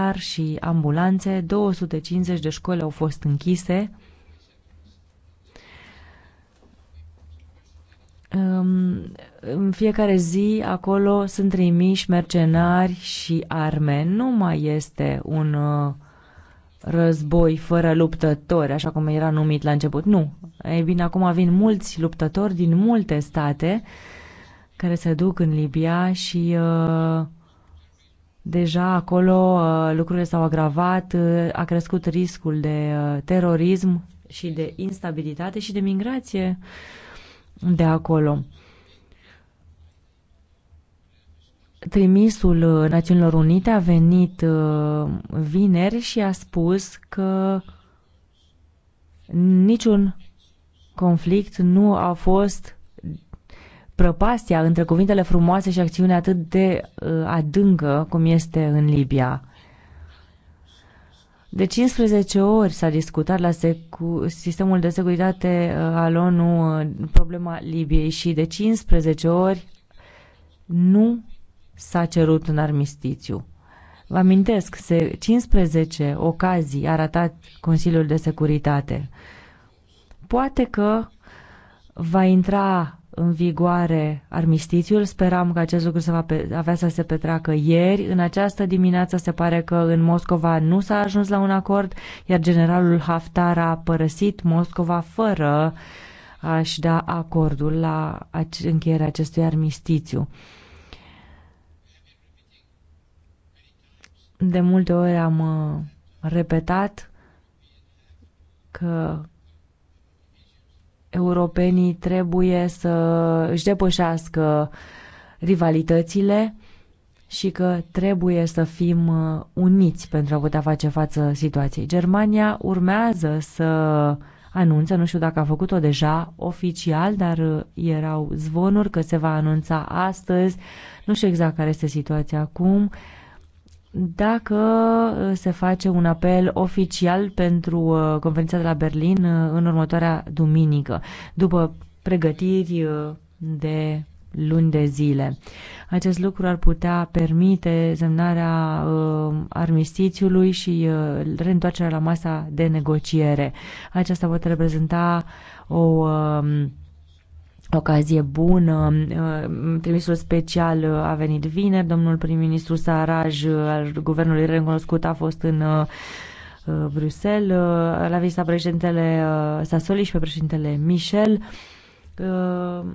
car și ambulanțe, 250 de școli au fost închise. În fiecare zi acolo sunt trimiși mercenari și arme. Nu mai este un uh, război fără luptători, așa cum era numit la început. Nu. Ei bine, acum vin mulți luptători din multe state care se duc în Libia și uh, Deja acolo uh, lucrurile s-au agravat, uh, a crescut riscul de uh, terorism și de instabilitate și de migrație de acolo. Trimisul Națiunilor Unite a venit vineri și a spus că niciun conflict nu a fost prăpastia între cuvintele frumoase și acțiunea atât de uh, adâncă cum este în Libia. De 15 ori s-a discutat la secu- sistemul de securitate uh, al ONU uh, problema Libiei și de 15 ori nu s-a cerut un armistițiu. Vă amintesc, se 15 ocazii a ratat Consiliul de Securitate. Poate că va intra în vigoare armistițiul. Speram că acest lucru se va pe, avea să se petreacă ieri. În această dimineață se pare că în Moscova nu s-a ajuns la un acord, iar generalul Haftar a părăsit Moscova fără a-și da acordul la încheierea acestui armistițiu. De multe ori am uh, repetat că europenii trebuie să își depășească rivalitățile și că trebuie să fim uh, uniți pentru a putea face față situației. Germania urmează să anunță, nu știu dacă a făcut-o deja oficial, dar uh, erau zvonuri că se va anunța astăzi. Nu știu exact care este situația acum. Uh, dacă uh, se face un apel oficial pentru uh, conferința de la Berlin uh, în următoarea duminică, după pregătiri de luni de zile. Acest lucru ar putea permite semnarea uh, armistițiului și uh, reîntoarcerea la masa de negociere. Aceasta poate reprezenta o uh, ocazie bună. Uh, trimisul special uh, a venit vineri, domnul prim-ministru Saraj uh, al guvernului recunoscut a fost în Bruxelles, La vizita președintele Sassoli și pe președintele Michel.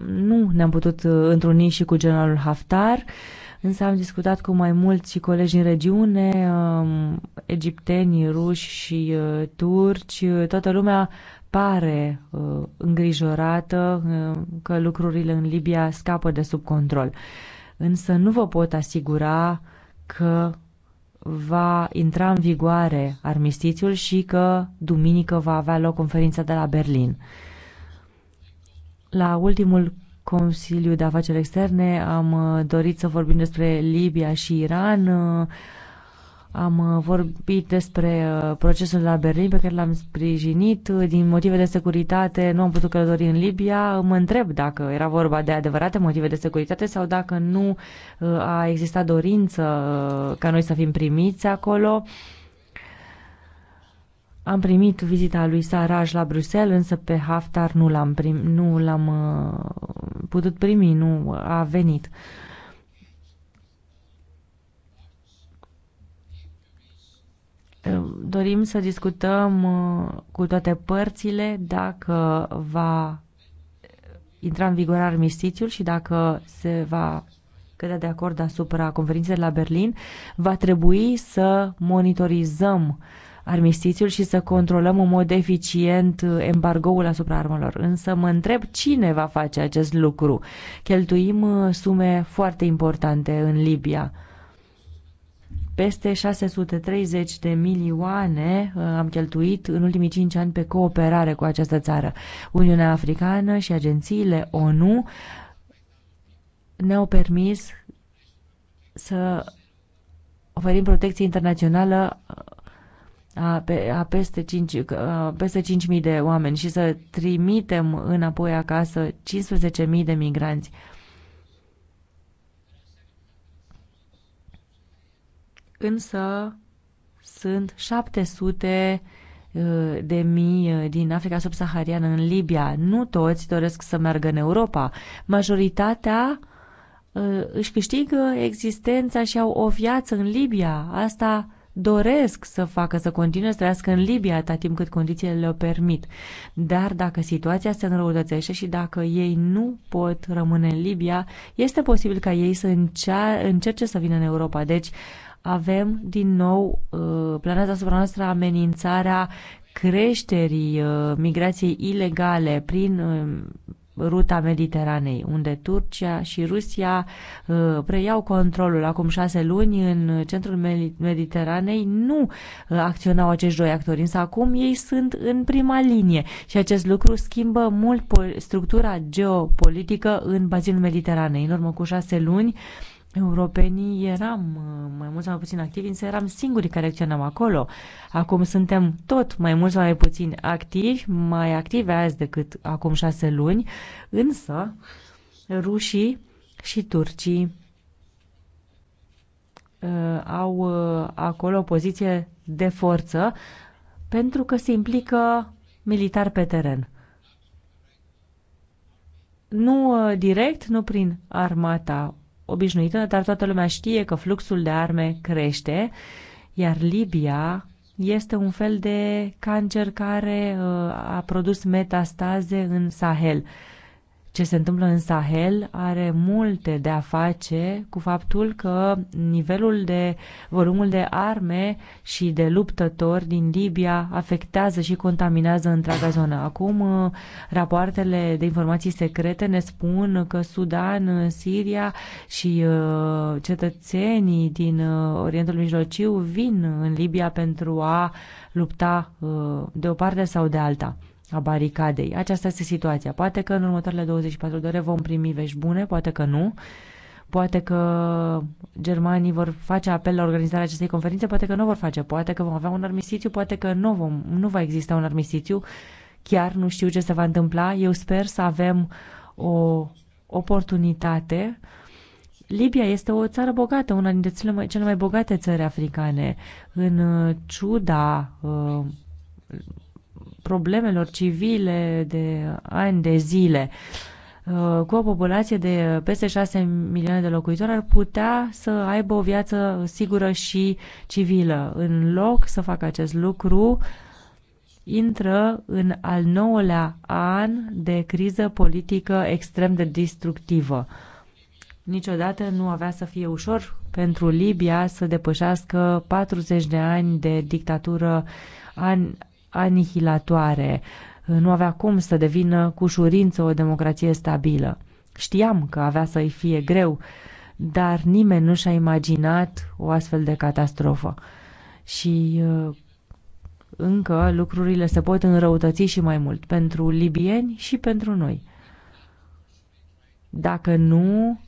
Nu ne-am putut întruni și cu generalul Haftar, însă am discutat cu mai mulți colegi în regiune, um, egipteni, ruși și turci. Toată lumea pare uh, îngrijorată uh, că lucrurile în Libia scapă de sub control. Însă nu vă pot asigura că va intra în vigoare armistițiul și că duminică va avea loc conferința de la Berlin. La ultimul Consiliu de Afaceri Externe am uh, dorit să vorbim despre Libia și Iran. Uh, am uh, vorbit despre uh, procesul la Berlin pe care l-am sprijinit. Uh, din motive de securitate nu am putut călători în Libia. Mă întreb dacă era vorba de adevărate motive de securitate sau dacă nu a existat dorință ca noi să fim primiți acolo. Am primit vizita lui Saraj la Bruxelles, însă pe Haftar nu l-am, prim, nu l-am putut primi, nu a venit. Uh, Ehm, dorim să discutăm uh, cu toate părțile dacă va intra în vigoare armistițiul și dacă se va cădea de acord asupra conferinței la Berlin, va trebui să monitorizăm armistițiul și să controlăm în mod eficient uh, embargoul asupra armelor. Însă mă întreb cine va face acest lucru. Cheltuim uh, sume foarte importante în Libia peste 630 de milioane uh, am cheltuit în ultimii 5 ani pe cooperare cu această țară. Uniunea Africană și agențiile ONU ne-au permis să oferim protecție internațională uh, a, pe, a peste 5 a uh, peste 5.000 de oameni și să trimitem înapoi acasă 15.000 de migranți. însă sunt 700 uh, de mii uh, din Africa subsahariană în Libia. Nu toți doresc să meargă în Europa. Majoritatea uh, își câștigă existența și au o viață în Libia. Asta doresc să facă, să continue să trăiască în Libia atât timp cât condițiile le permit. Dar dacă situația se înrăutățește și dacă ei nu pot rămâne în Libia, este posibil ca ei să încerce să vină în Europa. Deci, uh, avem din nou uh, planeta asupra noastră amenințarea creșterii uh, migrației ilegale prin uh, ruta Mediteranei, unde Turcia și Rusia preiau controlul acum șase luni în centrul Mediteranei, nu acționau acești doi actori, însă acum ei sunt în prima linie și acest lucru schimbă mult structura geopolitică în bazinul Mediteranei. În urmă cu șase luni, europenii eram uh, mai mult sau mai puțin activi, însă eram singurii care acționam acolo. Acum suntem tot mai mult sau mai puțin activi, mai active azi decât acum șase luni, însă rușii și turcii uh, au uh, acolo o poziție de forță pentru că se implică militar pe teren. Nu uh, direct, nu prin armata obișnuită, dar toată lumea știe că fluxul de arme crește, iar Libia este un fel de cancer care uh, a produs metastaze în Sahel. Ce se întâmplă în Sahel are multe de a face cu faptul că nivelul de volumul de arme și de luptători din Libia afectează și contaminează întreaga zonă. Acum uh, rapoartele de informații secrete ne spun că Sudan, uh, Siria și uh, cetățenii din Orientul Mijlociu vin în Libia pentru a lupta de o parte sau de alta a baricadei. Aceasta este situația. Poate că în următoarele 24 de ore vom primi vești bune, poate că nu. Poate că germanii vor face apel la organizarea acestei conferințe, poate că nu vor face, poate că vom avea un armistițiu, poate că nu, vom, nu va exista un armistițiu. Chiar nu știu ce se va întâmpla. Eu sper să avem o oportunitate. Libia este o țară bogată, una dintre cele mai, cele mai bogate țări africane. În ciuda uh, problemelor civile de ani de zile uh, cu o populație de peste 6 milioane de locuitori ar putea să aibă o viață sigură și civilă. În loc să facă acest lucru, intră în al nouălea an de criză politică extrem de destructivă. Niciodată nu avea să fie ușor pentru Libia să depășească 40 de ani de dictatură anihilatoare. Nu avea cum să devină cu ușurință o democrație stabilă. Știam că avea să-i fie greu, dar nimeni nu și-a imaginat o astfel de catastrofă. Și uh, încă lucrurile se pot înrăutăți și mai mult pentru libieni și pentru noi. Dacă nu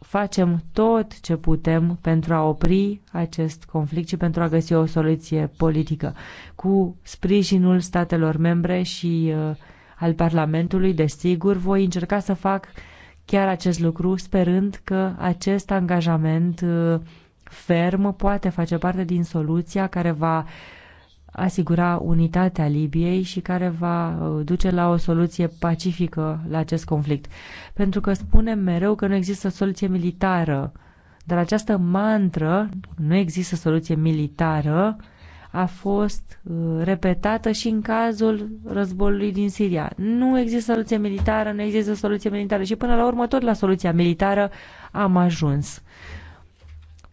facem tot ce putem pentru a opri acest conflict și pentru a găsi o soluție politică, cu sprijinul statelor membre și uh, al Parlamentului, desigur, voi încerca să fac chiar acest lucru, sperând că acest angajament uh, ferm poate face parte din soluția care va uh, asigura unitatea Libiei și care va uh, duce la o soluție pacifică la acest conflict. Pentru că spunem mereu că nu există soluție militară, dar această mantră, nu există soluție militară, a fost uh, repetată și în cazul războiului din Siria. Nu există soluție militară, nu există soluție militară și până la urmă tot la soluția militară am ajuns.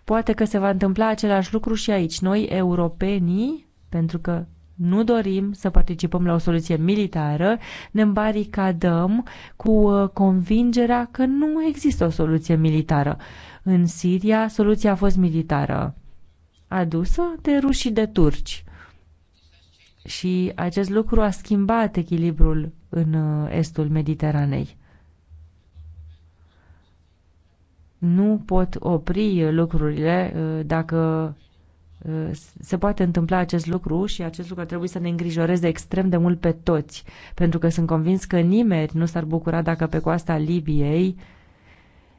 Poate că se va întâmpla același lucru și aici. Noi, europenii, pentru că nu dorim să participăm la o soluție militară, ne îmbaricadăm cu uh, convingerea că nu există o soluție militară. În Siria, soluția a fost militară, adusă de rușii de turci. Și acest lucru a schimbat echilibrul în uh, estul Mediteranei. Nu pot opri lucrurile uh, dacă Uh, se poate întâmpla acest lucru și acest lucru trebuie să ne îngrijoreze extrem de mult pe toți, pentru că sunt convins că nimeni nu s-ar bucura dacă pe coasta Libiei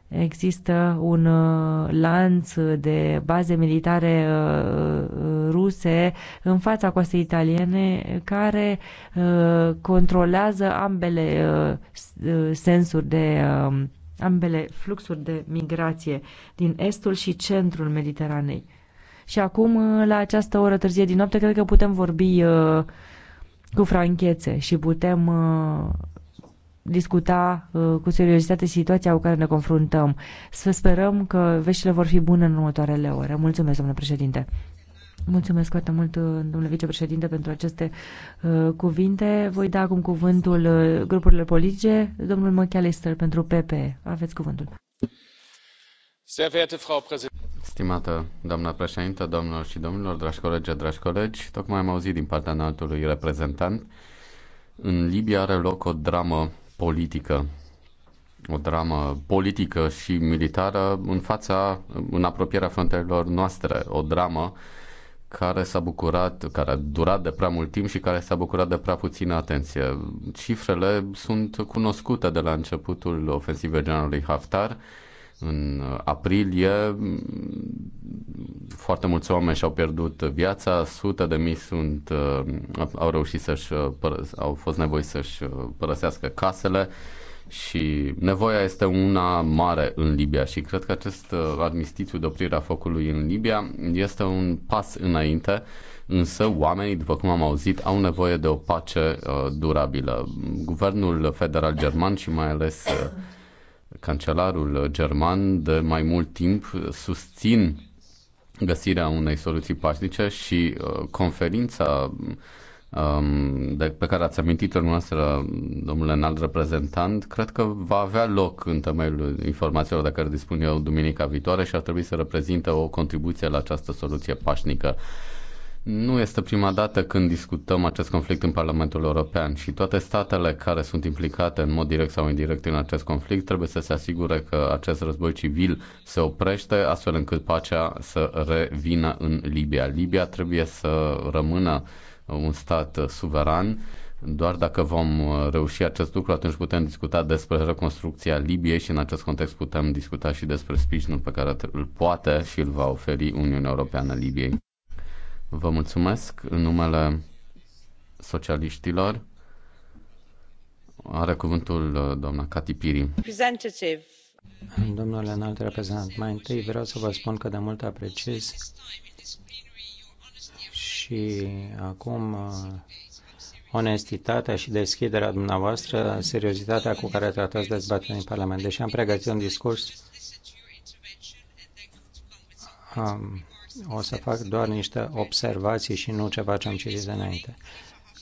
există un uh, lanț de baze militare uh, ruse în fața coastei italiene care controlează ambele sensuri de um, ambele fluxuri de migrație din estul și centrul Mediteranei. Și acum, uh, la această oră târzie din noapte, cred că putem vorbi uh, cu franchețe și putem uh, discuta cu seriozitate situația cu care ne confruntăm. Să sperăm că veștile vor fi bune în următoarele ore. Mulțumesc, domnule președinte. Mulțumesc foarte mult, domnule vicepreședinte, pentru aceste uh, cuvinte. Voi da acum cuvântul uh, grupurilor politice. Domnul McAllister pentru PP. Aveți cuvântul. Sehr verehrte Frau Präsidentin. Stimată doamna președintă, domnilor și domnilor, dragi colegi, dragi colegi, tocmai am auzit din partea înaltului reprezentant, în Libia are loc o dramă politică, o dramă politică și militară în fața, în apropierea frontierelor noastre, o dramă care s-a bucurat, care a durat de prea mult timp și care s-a bucurat de prea puțină atenție. Cifrele sunt cunoscute de la începutul ofensivei generalului Haftar, în uh, aprilie foarte mulți oameni și-au pierdut viața, sute de mii sunt, uh, au reușit să-și uh, au fost nevoi să-și părăsească casele și nevoia este una mare în Libia și cred că acest armistițiu de oprire a focului în Libia este un pas înainte, însă oamenii, după cum am auzit, au nevoie de o pace uh, durabilă. Guvernul federal german și mai ales uh, cancelarul german de mai mult timp susțin găsirea unei soluții pașnice și uh, conferința um, de, pe care ați amintit-o noastră, domnule înalt reprezentant, cred că va avea loc în temeiul informațiilor de care dispun eu duminica viitoare și ar trebui să reprezinte o contribuție la această soluție pașnică. Nu este prima dată când discutăm acest conflict în Parlamentul European și toate statele care sunt implicate în mod direct sau indirect în acest conflict trebuie să se asigure că acest război civil se oprește astfel încât pacea să revină în Libia. Libia trebuie să rămână un stat suveran. Doar dacă vom reuși acest lucru, atunci putem discuta despre reconstrucția Libiei și în acest context putem discuta și despre sprijinul pe care îl poate și îl va oferi Uniunea Europeană Libiei. Vă mulțumesc în numele socialiștilor. Are cuvântul uh, doamna Cati Piri. Domnule înalt reprezentant, mai întâi vreau să vă spun că de mult apreciez și acum uh, onestitatea și deschiderea dumneavoastră, seriozitatea cu care tratați dezbaterea în Parlament. Deși am pregătit un discurs, am o să fac doar niște observații și nu ceva ce am citit înainte.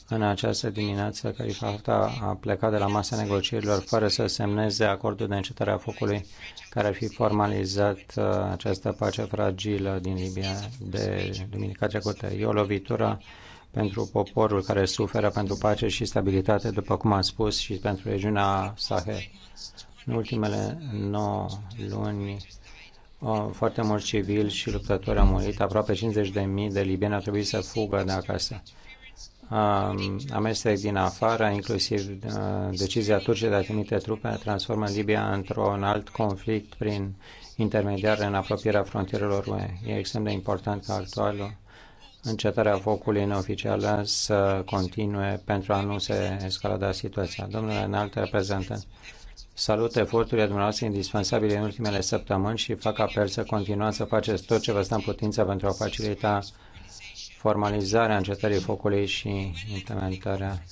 În această dimineață, Califata a plecat de la masa negocierilor fără să semneze acordul de încetare a focului care ar fi formalizat uh, această pace fragilă din Libia de duminica trecută. E o lovitură pentru poporul care suferă pentru pace și stabilitate, după cum am spus, și pentru regiunea Sahel. În ultimele 9 luni, foarte mulți civili și luptători au murit, aproape 50.000 de libieni au trebuit să fugă de acasă. Amestec din afară, inclusiv uh, decizia turcii de a trimite trupe, transformă Libia într-un alt conflict prin intermediare în apropierea frontierelor UE. E extrem de important ca actualul încetarea focului neoficială să continue pentru a nu se escalada situația. Domnule înalt reprezentant, Salut eforturile dumneavoastră indispensabile în ultimele săptămâni și fac apel să continuăm să faceți tot ce vă stă în putință pentru a facilita formalizarea încetării focului și implementarea.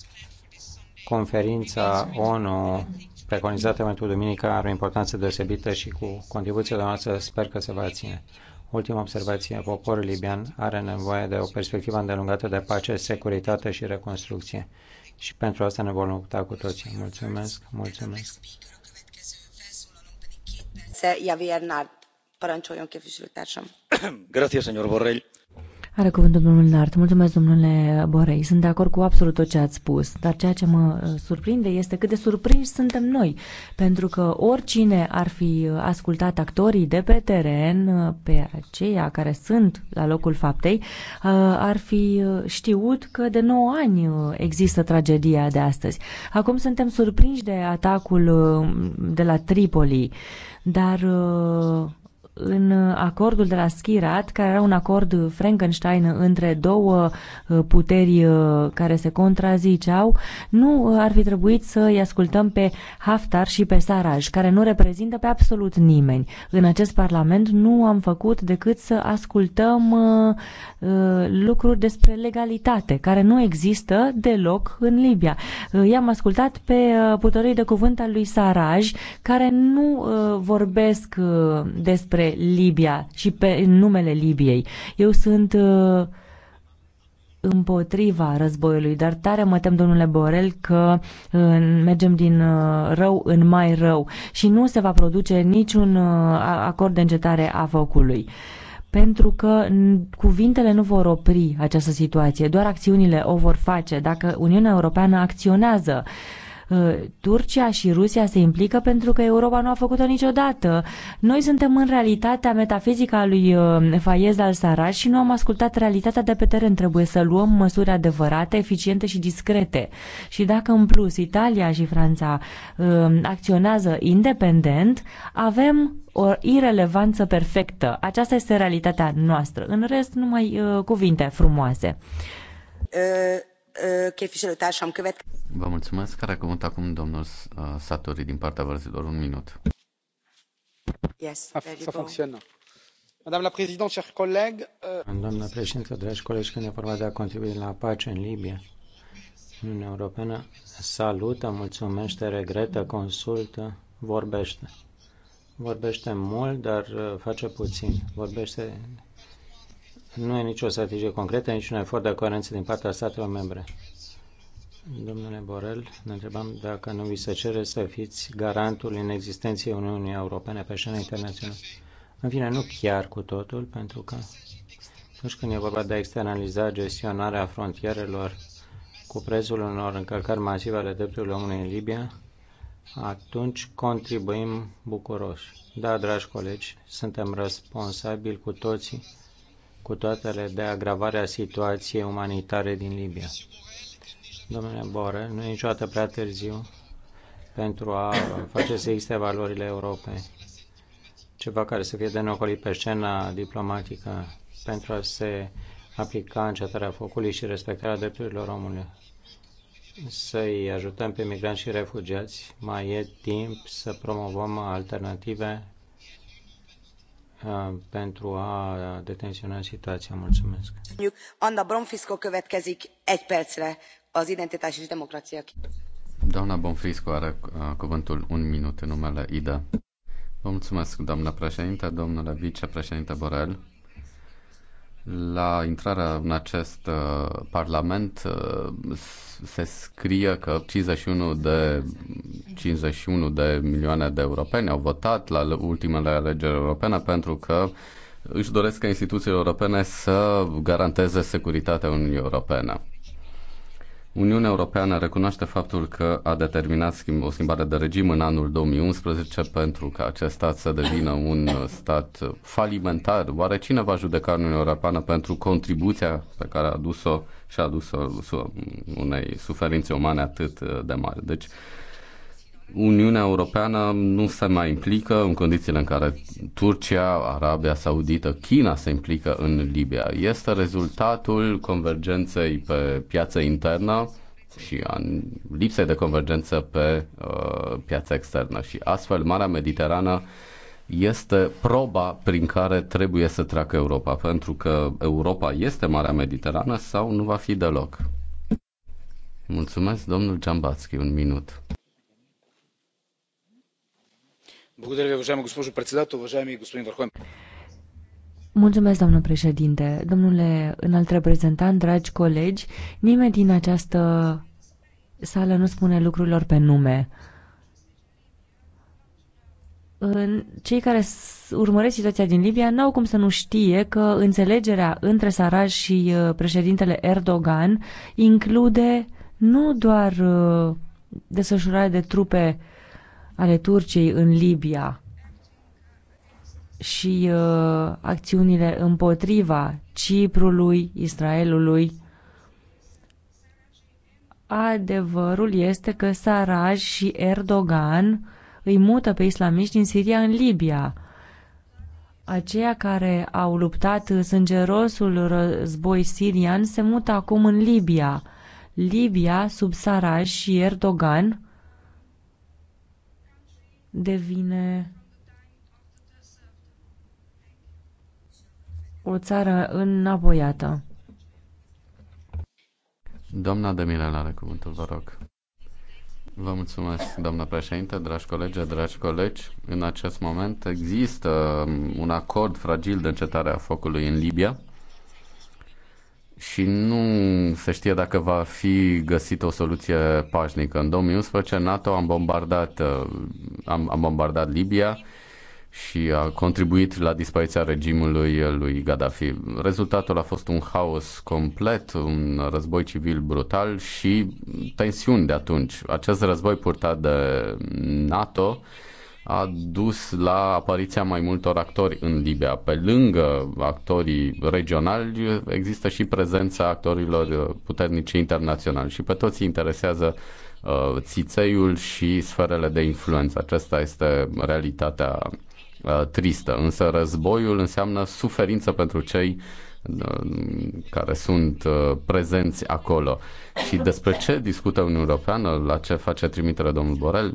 Conferința ONU preconizată pentru duminică are o importanță deosebită și cu contribuția noastră sper că se va ține. Ultima observație, poporul libian are nevoie de o perspectivă îndelungată de pace, securitate și reconstrucție. Și pentru asta ne vom lupta cu toții. Mulțumesc, mulțumesc. domnule Borrell. domnule Sunt de acord cu absolut tot ce ați spus, dar ceea ce mă uh, surprinde este cât de surprinși suntem noi, pentru că oricine ar fi uh, ascultat actorii de pe teren, uh, pe aceia care sunt la locul faptei, ar fi știut că de 9 ani există tragedia de astăzi. Acum suntem surprinși de atacul de la Tripoli dar uh, în acordul de la Schirat, care era un acord Frankenstein între două uh, puteri uh, care se contraziceau, nu uh, ar fi trebuit să îi ascultăm pe Haftar și pe Saraj, care nu reprezintă pe absolut nimeni. În acest parlament nu am făcut decât să ascultăm lucruri despre legalitate, care nu există deloc în Libia. I-am ascultat pe putării de cuvânt al lui Saraj, care nu vorbesc despre despre Libia și pe numele Libiei. Eu sunt uh, împotriva războiului, dar tare mă tem, domnule Borel, că uh, mergem din uh, rău în mai rău și nu se va produce niciun acord de încetare a focului. Pentru că cuvintele nu vor opri această situație, doar acțiunile o vor face dacă Uniunea Europeană acționează uh, Uh, Turcia și Rusia se implică pentru că Europa nu a făcut-o niciodată. Noi suntem în realitatea metafizică a lui uh, Faiez al Saraj și nu am ascultat realitatea de pe teren. Trebuie să luăm măsuri adevărate, eficiente și discrete. Și dacă în plus Italia și Franța uh, acționează independent, avem o irelevanță perfectă. Aceasta este realitatea noastră. În rest, numai uh, cuvinte frumoase. Uh, uh, Vă mulțumesc. Care cuvânt acum domnul uh, Satori din partea vărzilor? Un minut. Yes, ça fonctionne. Doamna președintă, chers collègues, euh, Doamna președintă, dragi colegi, când e vorba de a contribui la pace în Libia, Uniunea Europeană salută, mulțumește, regretă, consultă, vorbește. Vorbește mult, dar uh, face puțin. Vorbește nu e nicio strategie concretă, niciun efort de coerență din partea statelor membre. Domnule Borel, ne întrebam dacă nu vi se cere să fiți garantul în existenței Uniunii Europene pe scena internațională. În fine, nu chiar cu totul, pentru că atunci când e vorba de a externaliza gestionarea frontierelor cu prețul unor încălcări masive ale drepturilor omului în Libia, atunci contribuim bucuroși. Da, dragi colegi, suntem responsabili cu toții, cu toatele de agravarea situației umanitare din Libia. Domnule Bore, nu e niciodată prea târziu pentru a face să existe valorile Europei. Ceva care să fie de neocolit pe scena diplomatică pentru a se aplica încetarea focului și respectarea drepturilor omului. Să-i ajutăm pe migranți și refugiați. Mai e timp să promovăm alternative uh, pentru a detenționa situația. Mulțumesc. Anda Bromfisco következik egy percre identitate și democrație. Doamna Bonfrisco are uh, cuvântul un minut în numele IDA. Vă mulțumesc, doamna președinte, domnule vicepreședinte Borel. La intrarea în acest uh, parlament uh, se scrie că 51 de, 51 de milioane de europeni au votat la ultimele alegeri europene pentru că își doresc ca instituțiile europene să garanteze securitatea Uniunii Europene. Uniunea Europeană recunoaște faptul că a determinat schimb, o schimbare de regim în anul 2011 pentru ca acest stat să devină un stat falimentar. Oare cine va judeca Uniunea Europeană pentru contribuția pe care a adus-o și a adus-o unei suferințe umane atât de mari? Deci, Uniunea Europeană nu se mai implică în condițiile în care Turcia, Arabia Saudită, China se implică în Libia. Este rezultatul convergenței pe piața internă și a lipsei de convergență pe uh, piața externă. Și astfel, Marea Mediterană este proba prin care trebuie să treacă Europa, pentru că Europa este Marea Mediterană sau nu va fi deloc. Mulțumesc, domnul Giambatski, un minut. Mulțumesc, președinte. Domnule înalt reprezentant, dragi colegi, nimeni din această sală nu spune lucrurilor pe nume. Cei care urmăresc situația din Libia n-au cum să nu știe că înțelegerea între Saraj și uh, președintele Erdogan include nu doar uh, desfășurarea de trupe ale Turciei în Libia și uh, acțiunile împotriva Ciprului, Israelului. Adevărul este că Saraj și Erdogan îi mută pe islamiști din Siria în Libia. Aceia care au luptat sângerosul război sirian se mută acum în Libia. Libia, sub Saraj și Erdogan, devine o țară înapoiată. Doamna Demirel are cuvântul, vă rog. Vă mulțumesc, doamna președinte, dragi colegi, dragi colegi. În acest moment există un acord fragil de încetare a focului în Libia și nu se știe dacă va fi găsită o soluție pașnică. În 2011 NATO a bombardat, uh, am, am bombardat Libia și a contribuit la dispariția regimului lui Gaddafi. Rezultatul a fost un haos complet, un război civil brutal și tensiuni de atunci. Acest război purtat de NATO uh, a dus la apariția mai multor actori în Libia. Pe lângă actorii regionali, există și prezența actorilor puternici internaționali și pe toți interesează uh, țițeiul și sferele de influență. Aceasta este realitatea uh, tristă. Însă războiul înseamnă suferință pentru cei Uh, care sunt uh, prezenți acolo. Și despre ce discută Uniunea Europeană, la ce face trimitere domnul Borel,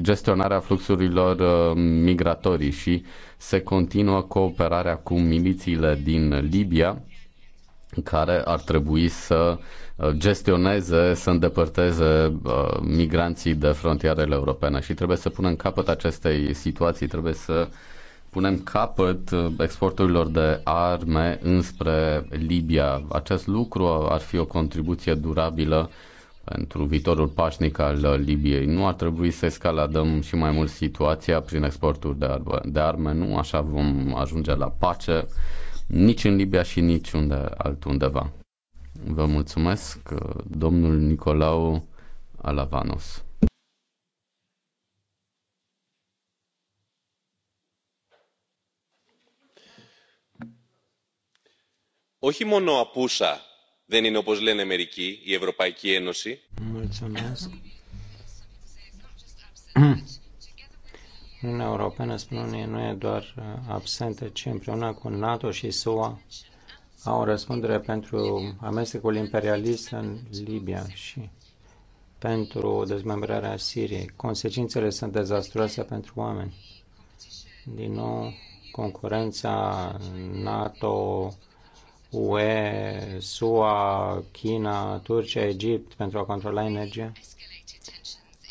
gestionarea fluxurilor uh, migratorii și se continuă cooperarea cu milițiile din Libia, care ar trebui să gestioneze, să îndepărteze migranții de frontierele europene și trebuie să punem capăt acestei situații, trebuie să punem capăt uh, exporturilor de arme înspre Libia. Acest lucru ar fi o contribuție durabilă pentru viitorul pașnic al uh, Libiei. Nu ar trebui să escaladăm și mai mult situația prin exporturi de, ar- de arme. Nu așa vom ajunge la pace nici în Libia și nici unde altundeva. Vă mulțumesc, uh, domnul Nicolau Alavanos. όχι μόνο απούσα δεν είναι όπως λένε μερικοί η Ευρωπαϊκή Ένωση. Mulțumesc. Uniunea Europeană, spun unii, nu e doar uh, absentă, ci împreună cu NATO și SUA au răspundere pentru amestecul imperialist în Libia și pentru dezmembrarea Siriei. Consecințele sunt dezastruoase pentru oameni. Din nou, concurența NATO, UE, SUA, China, Turcia, Egipt pentru a controla energia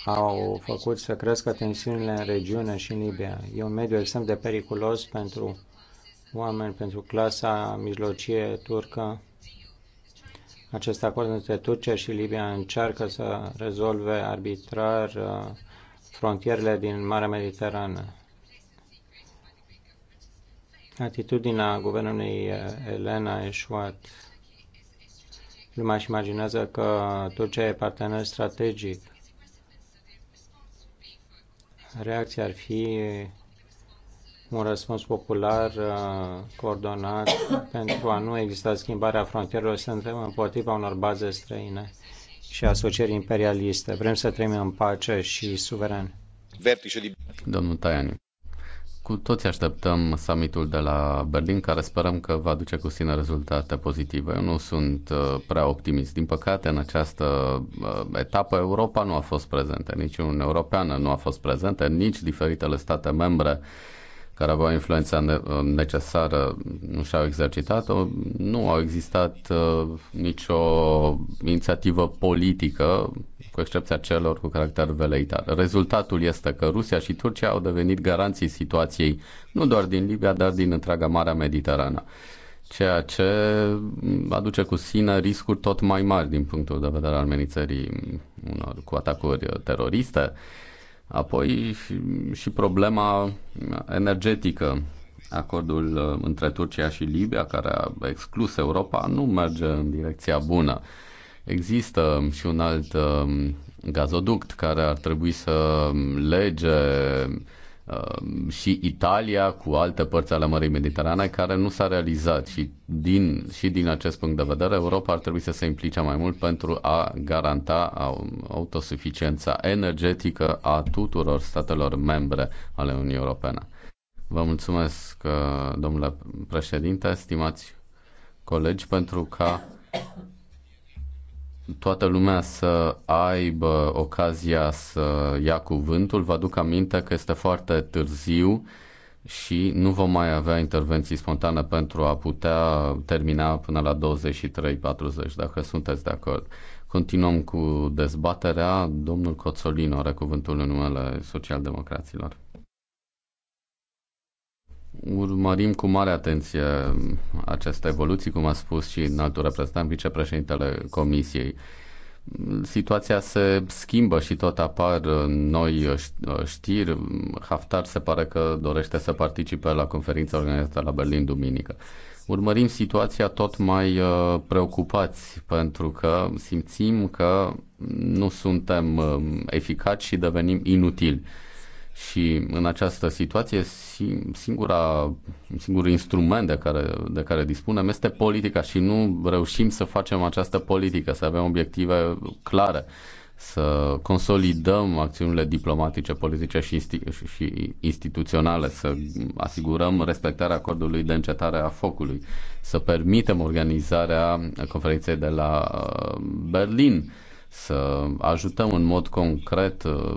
au făcut să crească tensiunile în regiune și în Libia. E un mediu extrem de periculos pentru oameni, pentru clasa mijlocie turcă. Acest acord între Turcia și Libia încearcă să rezolve arbitrar uh, frontierele din Marea Mediterană. Atitudinea guvernului uh, Elena a eșuat. Lumea își imaginează că Turcia e partener strategic. Reacția ar fi un răspuns popular uh, coordonat pentru a nu exista schimbarea frontierelor. Suntem împotriva unor baze străine și asocieri imperialiste. Vrem să trăim în pace și suveran. Domnul Tajani. Cu toți așteptăm summitul de la Berlin, care sperăm că va duce cu sine rezultate pozitive. Eu nu sunt uh, prea optimist. Din păcate, în această uh, etapă, Europa nu a fost prezentă, nici Uniunea Europeană nu a fost prezentă, nici diferitele state membre care aveau influența uh, necesară nu și-au exercitat-o, nu au existat nicio inițiativă politică cu excepția celor cu caracter veleitar. Rezultatul este că Rusia și Turcia au devenit garanții situației nu doar din Libia, dar din întreaga Marea Mediterană ceea ce aduce cu sine riscuri tot mai mari din punctul de vedere al amenințării unor cu atacuri teroriste, apoi și, problema energetică. Acordul între Turcia și Libia, care a exclus Europa, nu merge în direcția bună. Există și un alt um, gazoduct care ar trebui să lege um, și Italia cu alte părți ale Mării Mediterane care nu s-a realizat și din, și din acest punct de vedere Europa ar trebui să se implice mai mult pentru a garanta autosuficiența energetică a tuturor statelor membre ale Uniunii Europene. Vă mulțumesc, uh, domnule președinte, stimați colegi, pentru ca toată lumea să aibă ocazia să ia cuvântul. Vă aduc aminte că este foarte târziu și nu vom mai avea intervenții spontane pentru a putea termina până la 23.40, dacă sunteți de acord. Continuăm cu dezbaterea. Domnul Coțolino are cuvântul în numele socialdemocraților. Urmărim cu mare atenție aceste evoluții, cum a spus și în altul reprezentant, vicepreședintele Comisiei. Situația se schimbă și tot apar noi știri. Haftar se pare că dorește să participe la conferința organizată la Berlin duminică. Urmărim situația tot mai uh, preocupați pentru că simțim că nu suntem um, eficaci și devenim inutili și în această situație, singura, singurul instrument de care, de care dispunem este politica și nu reușim să facem această politică, să avem obiective clare, să consolidăm acțiunile diplomatice, politice și, insti- și instituționale, să asigurăm respectarea acordului de încetare a focului, să permitem organizarea conferinței de la uh, Berlin să ajutăm în mod concret uh,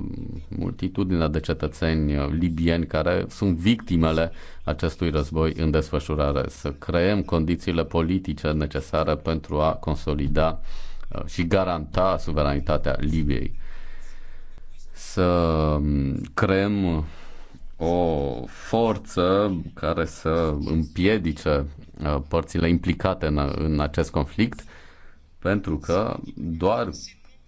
multitudinea de cetățeni uh, libieni care sunt victimele acestui război în desfășurare, să creăm condițiile politice necesare pentru a consolida uh, și garanta suveranitatea Libiei, să um, creăm o forță care să împiedice părțile implicate în, în acest conflict, pentru că doar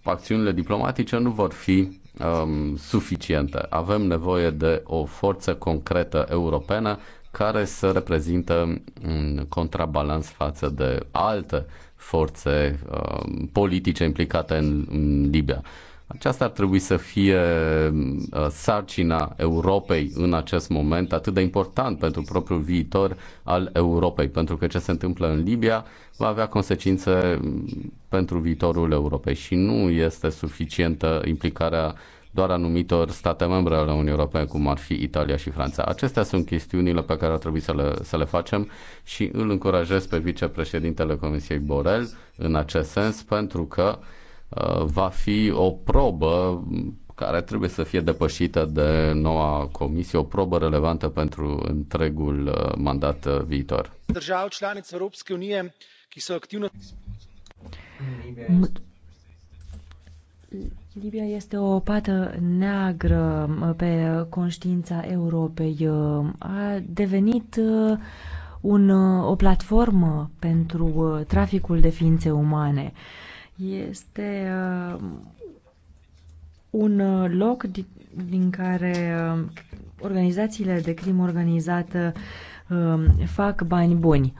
acțiunile diplomatice nu vor fi um, suficiente. Avem nevoie de o forță concretă europeană care să reprezintă un contrabalans față de alte forțe um, politice implicate în, în Libia. Aceasta ar trebui să fie uh, sarcina Europei în acest moment, atât de important pentru propriul viitor al Europei, pentru că ce se întâmplă în Libia va avea consecințe mm, pentru viitorul Europei și nu este suficientă implicarea doar anumitor state membre ale Uniunii Europene, cum ar fi Italia și Franța. Acestea sunt chestiunile pe care ar trebui să le, să le facem și îl încurajez pe vicepreședintele Comisiei Borel în acest sens, pentru că uh, Uh, va fi o probă care trebuie să fie depășită de noua comisie, o probă relevantă pentru întregul uh, mandat uh, viitor. Libia este o pată neagră pe conștiința Europei. A devenit un, o platformă pentru traficul de ființe umane. Este uh, un uh, loc din care uh, organizațiile de crimă organizată um, fac bani buni.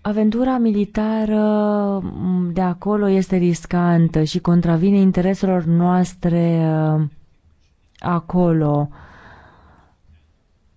Aventura militară mm, de acolo este riscantă și contravine intereselor noastre acolo. Uh,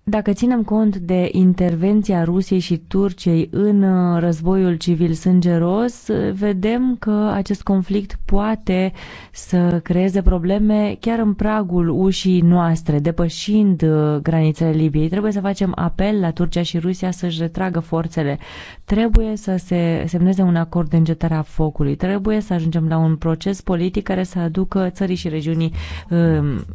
dacă ținem cont de intervenția Rusiei și Turciei în uh, războiul civil sângeros, uh, vedem că acest conflict poate să creeze probleme chiar în pragul ușii noastre, depășind uh, granițele Libiei. Trebuie să facem apel la Turcia și Rusia să-și retragă forțele. Trebuie să se semneze un acord de încetare a focului. Trebuie să ajungem la un proces politic care să aducă țării și regiunii um,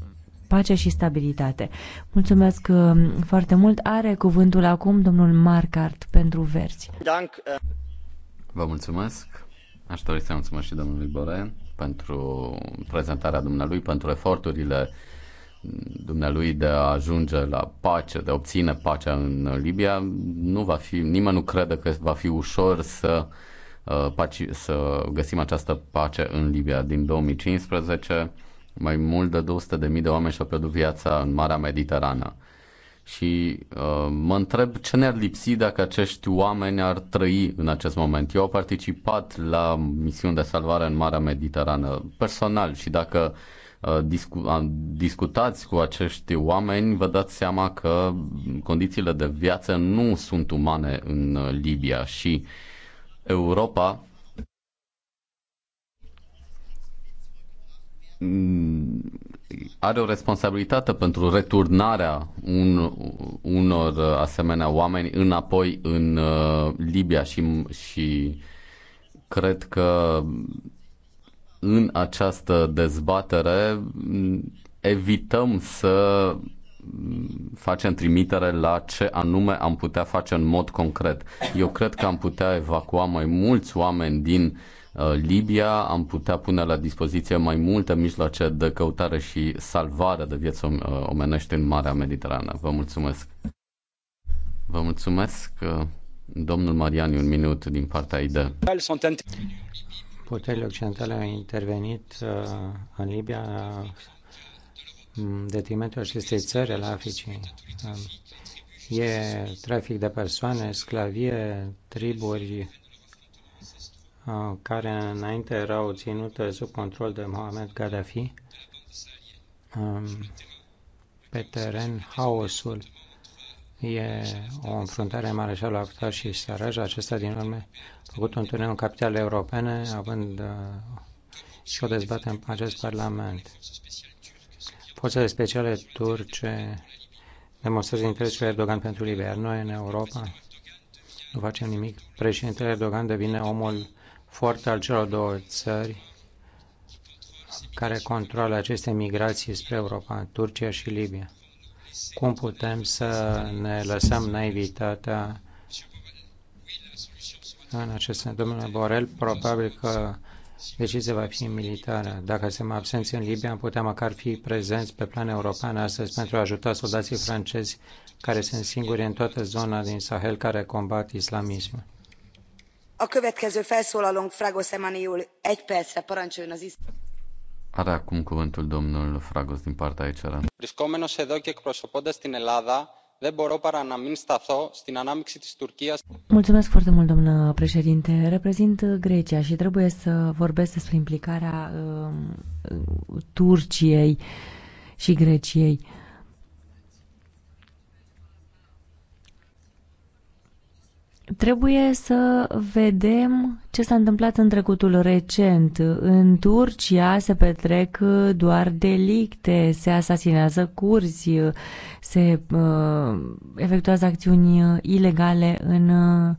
pace și stabilitate. Mulțumesc uh, foarte mult. Are cuvântul acum domnul Marcart pentru verzi. Uh. Vă mulțumesc. Aș dori să mulțumesc și domnului Bore pentru prezentarea dumnealui, pentru eforturile dumnealui de a ajunge la pace, de a obține pacea în Libia. Nu va fi, nimeni nu crede că va fi ușor să uh, să găsim această pace în Libia. Din 2015 mai mult de 200.000 de oameni și-au pierdut viața în Marea Mediterană. Și uh, mă întreb ce ne-ar lipsi dacă acești oameni ar trăi în acest moment. Eu au participat la misiuni de salvare în Marea Mediterană personal și dacă uh, discu- uh, discutați cu acești oameni, vă dați seama că condițiile de viață nu sunt umane în Libia și Europa Mm, are o responsabilitate pentru returnarea un, unor asemenea oameni înapoi în uh, Libia și, și cred că în această dezbatere mm, evităm să facem trimitere la ce anume am putea face în mod concret. Eu cred că am putea evacua mai mulți oameni din uh, Uh, Libia, am putea pune la dispoziție mai multe mijloace de căutare și salvare de vieți uh, omenești în Marea Mediterană. Vă mulțumesc! Vă mulțumesc, uh, domnul Mariani, un minut din partea ID. Puterile occidentale au intervenit în Libia în detrimentul acestei țări la Africii. Um, e trafic de persoane, sclavie, triburi, Uh, care înainte erau ținute sub control de Mohamed Gaddafi, um, pe teren haosul e o înfruntare mare și la și Saraj, acesta din urmă făcut un turneu în capitale europene, având uh, și o dezbatere în acest parlament. Forțele speciale turce demonstrează interesul Erdogan pentru Libia. Noi în Europa nu facem nimic. Președintele Erdogan devine omul foarte al celor două țări care controlă aceste migrații spre Europa, Turcia și Libia. Cum putem să ne lăsăm naivitatea în acest sens? Domnule Borel, probabil că decizia va fi militară. Dacă suntem absenți în Libia, putem măcar fi prezenți pe plan european astăzi pentru a ajuta soldații francezi care sunt singuri în toată zona din Sahel care combat islamismul. Are Βρισκόμενος εδώ και εκπροσωπώντας την Ελλάδα, δεν μπορώ παρά να μην σταθώ στην ανάμειξη της Τουρκίας. Mulțumesc foarte mult, doamnă președinte. Reprezint Grecia și trebuie să vorbesc despre implicarea uh, Turciei și Greciei. Uh, Trebuie să vedem ce s-a întâmplat în trecutul recent. În Turcia se petrec doar delicte, se asasinează curzi, se uh, efectuează acțiuni ilegale în uh,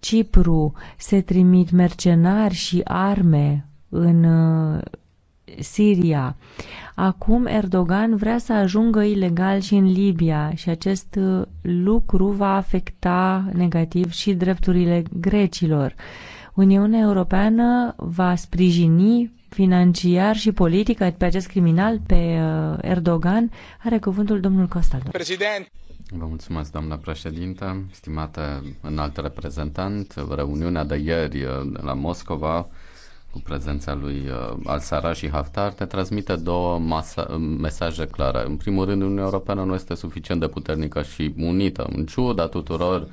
Cipru, se trimit mercenari și arme în uh, Siria. Acum Erdogan vrea să ajungă ilegal și în Libia și acest uh, lucru va afecta negativ și drepturile grecilor. Uniunea Europeană va sprijini financiar și politic pe acest criminal, pe uh, Erdogan, are cuvântul domnul Costal. Președinte! Vă mulțumesc, doamna președintă, stimată înaltă reprezentant. Reuniunea de ieri uh, la Moscova cu prezența lui uh, Al-Sara și Haftar, te transmite două masa, mesaje clare. În primul rând, Uniunea Europeană nu este suficient de puternică și unită, în ciuda tuturor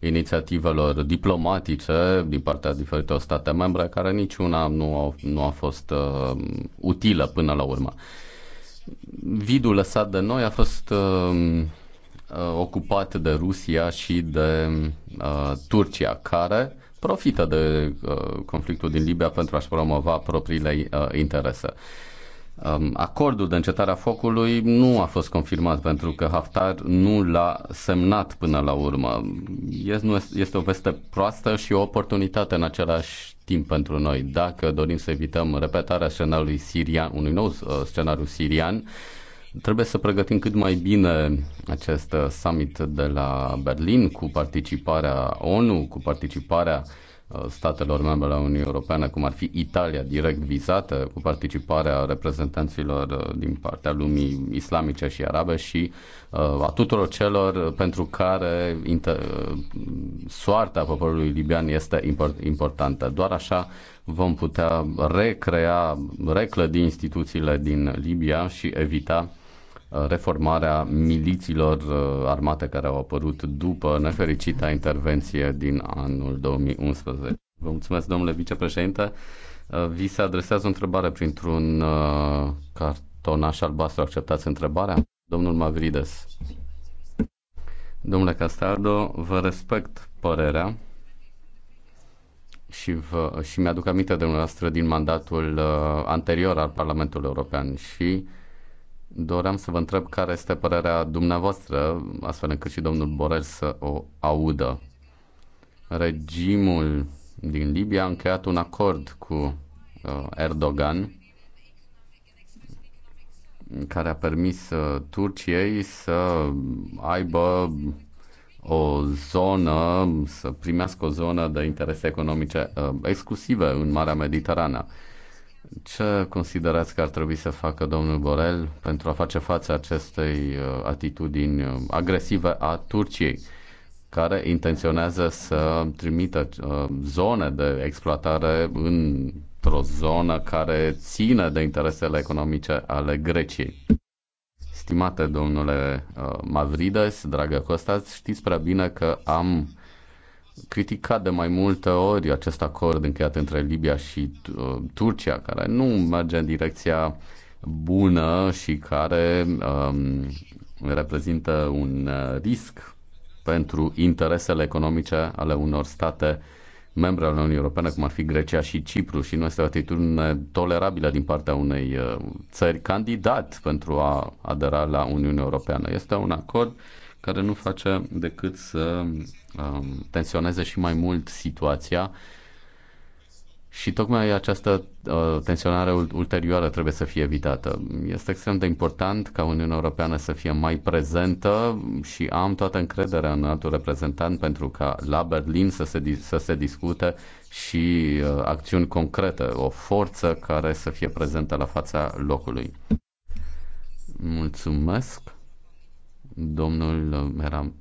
inițiativelor diplomatice din partea diferitelor state membre, care niciuna nu a, nu a fost uh, utilă până la urmă. Vidul lăsat de noi a fost uh, uh ocupat de Rusia și de uh, Turcia, care profită de uh, conflictul din Libia pentru a-și promova propriile uh, interese. Um, acordul de încetare a focului nu a fost confirmat pentru că Haftar nu l-a semnat până la urmă. Este o veste proastă și o oportunitate în același timp pentru noi. Dacă dorim să evităm repetarea scenariului sirian, unui nou uh, scenariu sirian, Trebuie să pregătim cât mai bine acest uh, summit de la Berlin cu participarea ONU, cu participarea uh, statelor membre la Uniunea Europeană, cum ar fi Italia direct vizată, cu participarea reprezentanților uh, din partea lumii islamice și arabe și a tuturor celor pentru care inter- soarta poporului libian este importantă. Doar așa vom putea recrea, reclădi instituțiile din Libia și evita reformarea milițiilor uh, armate care au apărut după nefericita intervenție din anul 2011. Vă mulțumesc, domnule vicepreședinte. Uh, vi se adresează o întrebare printr-un uh, cartonaș albastru. Acceptați întrebarea? Domnul Mavrides. Domnule Castardo, vă respect părerea și, vă, și mi-aduc aminte de dumneavoastră din mandatul anterior al Parlamentului European și uh, Doream să vă întreb care este părerea dumneavoastră, astfel încât și domnul Borel să o audă. Regimul din Libia a încheiat un acord cu uh, Erdogan care a permis uh, Turciei să aibă o zonă, să primească o zonă de interese economice uh, exclusive în Marea Mediterană. Ce considerați că ar trebui să facă domnul Borel pentru a face față acestei uh, atitudini uh, agresive a Turciei, care intenționează să trimită uh, zone de exploatare într-o zonă care ține de interesele economice ale Greciei? Stimate domnule Mavrides, dragă Costas, știți prea bine că am criticat de mai multe ori acest acord încheiat între Libia și uh, Turcia, care nu merge în direcția bună și care um, reprezintă un uh, risc pentru interesele economice ale unor state membre ale Uniunii Europene, cum ar fi Grecia și Cipru, și nu este o atitudine tolerabilă din partea unei uh, țări candidat pentru a adera la Uniunea Europeană. Este un acord uh, care nu face decât să um, tensioneze și mai mult situația și tocmai această uh, tensionare ulterioară trebuie să fie evitată. Este extrem de important ca Uniunea Europeană să fie mai prezentă și am toată încrederea în altul reprezentant pentru ca la Berlin să se, să se discute și uh, acțiuni concrete, o forță care să fie prezentă la fața locului. Mulțumesc. Domnul uh, Meram.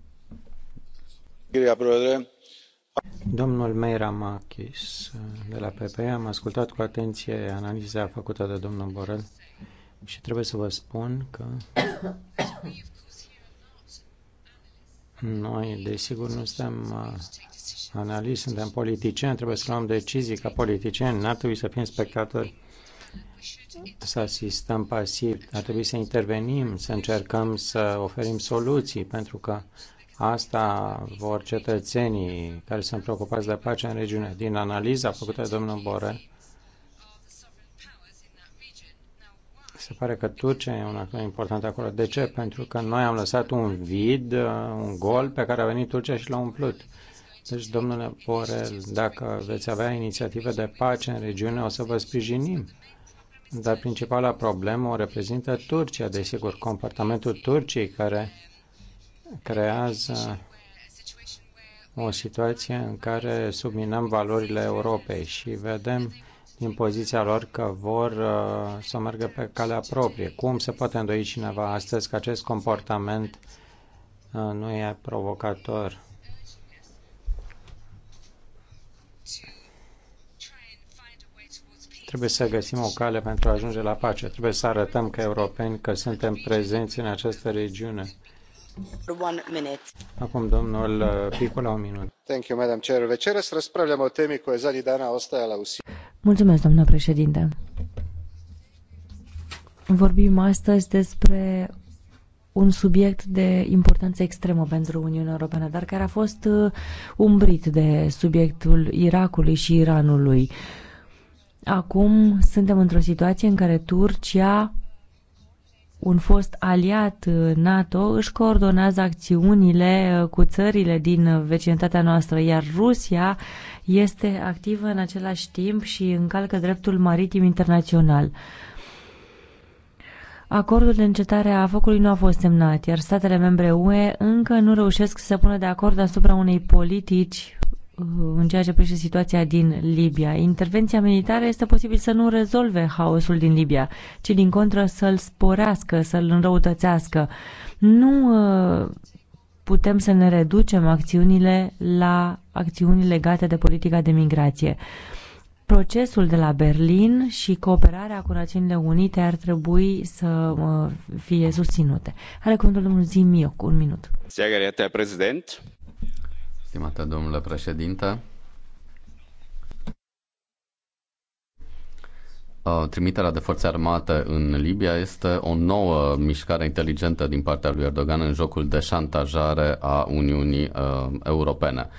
Domnul Meiramachis uh, de la PP, am ascultat cu atenție analiza făcută de domnul Borel și trebuie să vă spun că noi, desigur, nu suntem uh, analiști, suntem politicieni, trebuie să luăm decizii ca politicieni, n-ar trebui să fim spectatori să asistăm pasiv. Ar trebui să intervenim, să încercăm să oferim soluții, pentru că asta vor cetățenii care sunt preocupați de pace în regiune. Din analiza făcută de domnul Borel, se pare că Turcia e un actor important acolo. De ce? Pentru că noi am lăsat un vid, un gol pe care a venit Turcia și l-a umplut. Deci, domnule Borel, dacă veți avea inițiative de pace în regiune, o să vă sprijinim. Dar principala problemă o reprezintă Turcia, desigur, comportamentul Turciei care creează o situație în care subminăm valorile Europei și vedem din poziția lor că vor uh, să meargă pe calea proprie. Cum se poate îndoi cineva astăzi că acest comportament uh, nu e provocator? Trebuie să găsim o cale pentru a ajunge la pace. Trebuie să arătăm ca europeni că suntem prezenți în această regiune. Acum domnul uh, Picula, un minut. Thank you, Madam Chair. Večeras raspravljamo o temi cu zadnjih dana la USI. Mulțumesc, domnul președinte. Vorbim astăzi despre un subiect de importanță extremă pentru Uniunea Europeană, dar care a fost uh, umbrit de subiectul Irakului și Iranului. Uh, Acum suntem într-o situație în care Turcia, un fost aliat uh, NATO, își coordonează acțiunile uh, cu țările din uh, vecinătatea noastră, iar Rusia este activă în același timp și încalcă dreptul maritim internațional. Acordul de încetare a focului nu a fost semnat, iar statele membre UE încă nu reușesc să se pună de acord asupra unei politici în ceea ce privește situația din Libia. Intervenția militară este posibil să nu rezolve haosul din Libia, ci din contră să-l sporească, să-l înrăutățească. Nu uh, putem să ne reducem acțiunile la acțiuni legate de politica de migrație. Procesul de la Berlin și cooperarea cu Națiunile Unite ar trebui să uh, fie susținute. Are cuvântul domnul Zimioc, un minut. Sehr geehrter Herr Präsident, Stimată domnule președinte, uh, trimiterea de forțe armate în Libia este o nouă mișcare inteligentă din partea lui Erdogan în jocul de șantajare a Uniunii uh, Europene.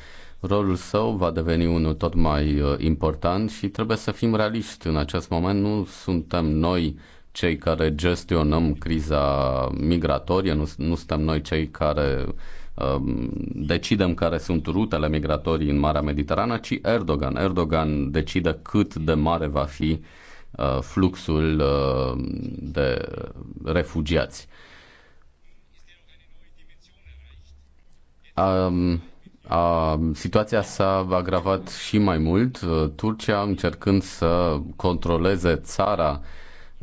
Rolul său va deveni unul tot mai uh, important și trebuie să fim realiști în acest moment. Nu suntem noi cei care gestionăm criza migratorie, nu, nu suntem noi cei care uh, Um, decidem care sunt rutele migratorii în Marea Mediterană, ci Erdogan. Erdogan decide cât de mare va fi uh, fluxul uh, de refugiați. Um, a, situația s-a agravat și mai mult, uh, Turcia încercând să controleze țara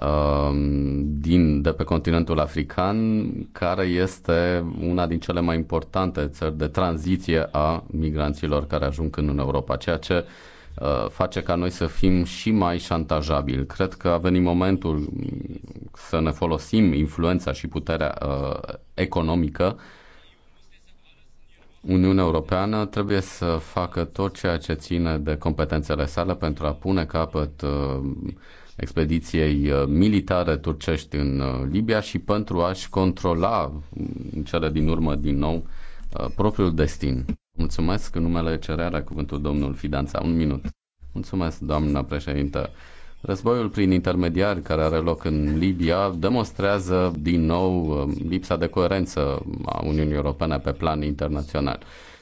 Um, din, de pe continentul african, care este una din cele mai importante țări de tranziție a migranților care ajung în Europa, ceea ce uh, face ca noi să fim și mai șantajabili. Cred că a venit momentul să ne folosim influența și puterea uh, economică Uniunea Europeană trebuie să facă tot ceea ce ține de competențele sale pentru a pune capăt uh, expediției uh, militare turcești în uh, Libia și pentru a-și controla mm, în cele din urmă din nou uh, propriul destin. Mulțumesc în numele cererea cuvântul domnul Fidanța. Un minut. Mulțumesc, doamna președintă. Războiul prin intermediari care are loc în Libia demonstrează din nou lipsa de coerență a Uniunii Europene pe plan internațional.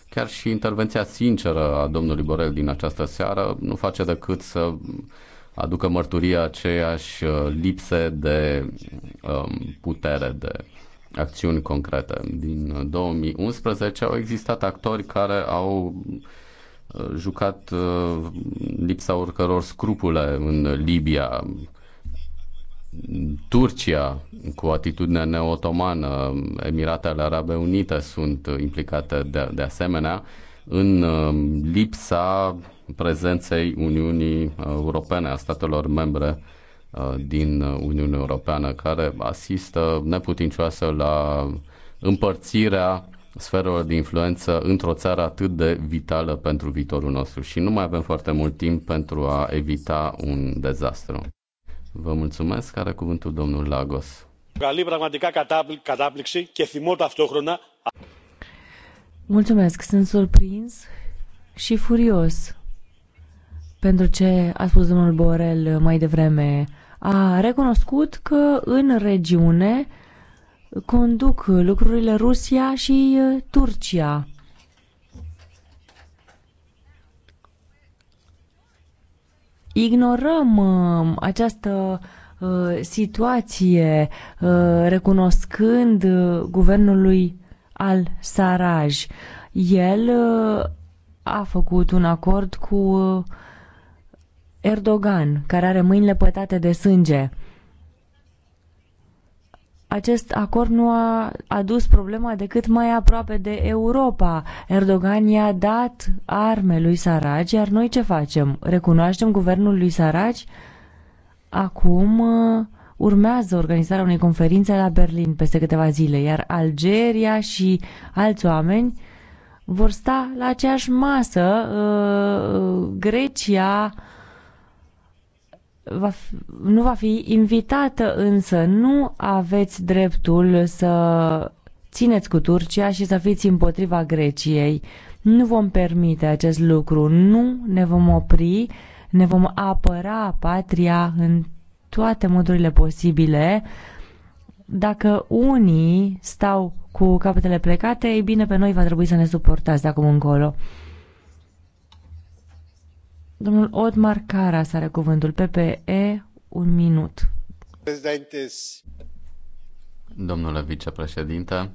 Chiar și intervenția sinceră a domnului Borel din această seară nu face decât să aducă mărturia aceeași uh, lipse de um, putere, de acțiuni concrete. Din 2011 uh, au existat actori care au uh, jucat lipsa oricăror scrupule în Libia, Turcia cu atitudine neotomană, Emiratele Arabe Unite sunt implicate de, de asemenea în lipsa prezenței Uniunii uh, Europene, a statelor membre uh, din Uniunea Europeană, care asistă neputincioasă la împărțirea sferelor de influență într-o țară atât de vitală pentru viitorul nostru și nu mai avem foarte mult timp pentru a evita un dezastru. Vă mulțumesc, Care cuvântul domnul Lagos. Mulțumesc, sunt surprins și furios pentru ce a spus domnul Borel mai devreme. A recunoscut că în regiune conduc lucrurile Rusia și uh, Turcia. Ignorăm uh, această uh, situație recunoscând guvernului al Saraj. El a făcut un acord cu Erdogan, care are mâinile pătate de sânge. Acest acord nu a adus problema decât mai aproape de Europa. Erdogan i-a dat arme lui Saraj, iar noi ce facem? Recunoaștem guvernul lui Saraj? Acum uh, urmează organizarea unei conferințe la Berlin peste câteva zile, iar Algeria și alți oameni vor sta la aceeași masă, uh, uh, Grecia, va fi, nu va fi invitată, însă nu aveți dreptul să țineți cu Turcia și să fiți împotriva Greciei. Nu vom permite acest lucru, nu ne vom opri, ne vom apăra patria în toate modurile posibile. Dacă unii stau cu capetele plecate, ei bine, pe noi va trebui să ne suportați de acum încolo. Domnul Otmar Caras are cuvântul PPE, un minut. Domnule vicepreședinte,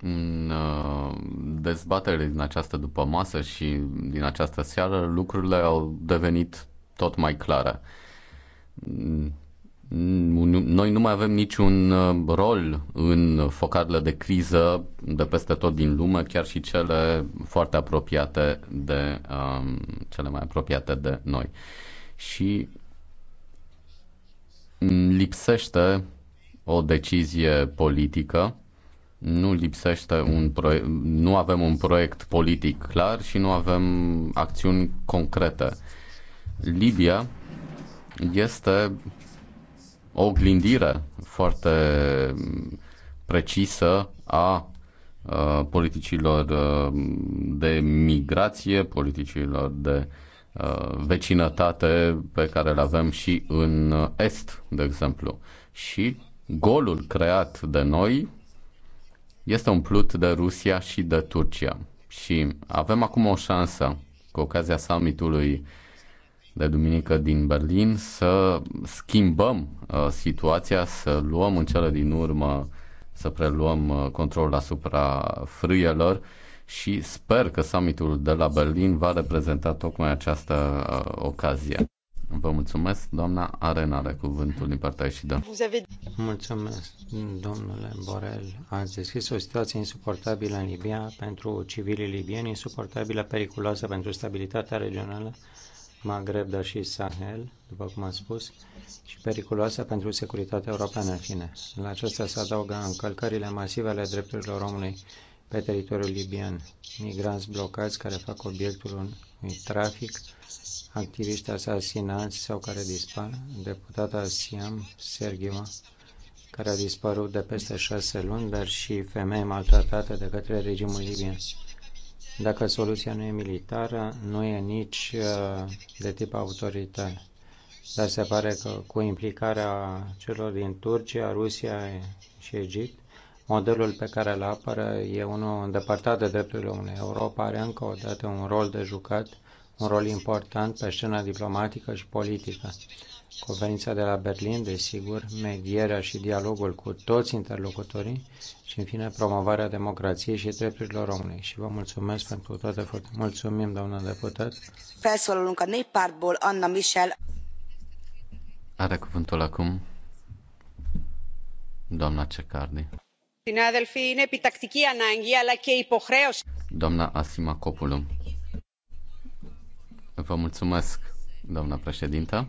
în uh, dezbatere din această după masă și din această seară, lucrurile au devenit tot mai clare. Noi nu mai avem niciun uh, rol în focarele de criză de peste tot din lume, chiar și cele foarte apropiate de um, cele mai apropiate de noi. Și lipsește o decizie politică, nu lipsește un proiect, nu avem un proiect politic clar și nu avem acțiuni concrete. Libia este o oglindire foarte precisă a politicilor de migrație, politicilor de vecinătate pe care le avem și în Est, de exemplu. Și golul creat de noi este umplut de Rusia și de Turcia. Și avem acum o șansă, cu ocazia summitului de duminică din Berlin să schimbăm uh, situația, să luăm în cele din urmă, să preluăm uh, controlul asupra frâielor și sper că summitul de la Berlin va reprezenta tocmai această uh, ocazie. Vă mulțumesc, doamna Arena are cuvântul din partea și da. Mulțumesc, domnule Borel. Ați deschis o situație insuportabilă în Libia pentru civilii libieni, insuportabilă, periculoasă pentru stabilitatea regională Maghreb, dar și Sahel, după cum am spus, și periculoasă pentru securitatea europeană în fine. La aceasta se adaugă încălcările masive ale drepturilor omului pe teritoriul libian, migranți blocați care fac obiectul unui trafic, activiști asasinați sau care dispar, deputata Siam Sergio, care a dispărut de peste șase luni, dar și femei maltratate de către regimul libian. Dacă soluția nu e militară, nu e nici uh, de tip autoritar. Dar se pare că cu implicarea celor din Turcia, Rusia și Egipt, modelul pe care îl apără e unul îndepărtat de drepturile omului. Europa are încă o dată un rol de jucat, un rol important pe scena diplomatică și politică conferința de la Berlin, desigur, medierea și dialogul cu toți interlocutorii și, în fine, promovarea democrației și drepturilor omului. Și vă mulțumesc pentru tot efortul. Mulțumim, doamnă deputat. Anna Michel. Are cuvântul acum doamna Cecardi. Doamna Asima Copulum. Vă mulțumesc, doamna președintă.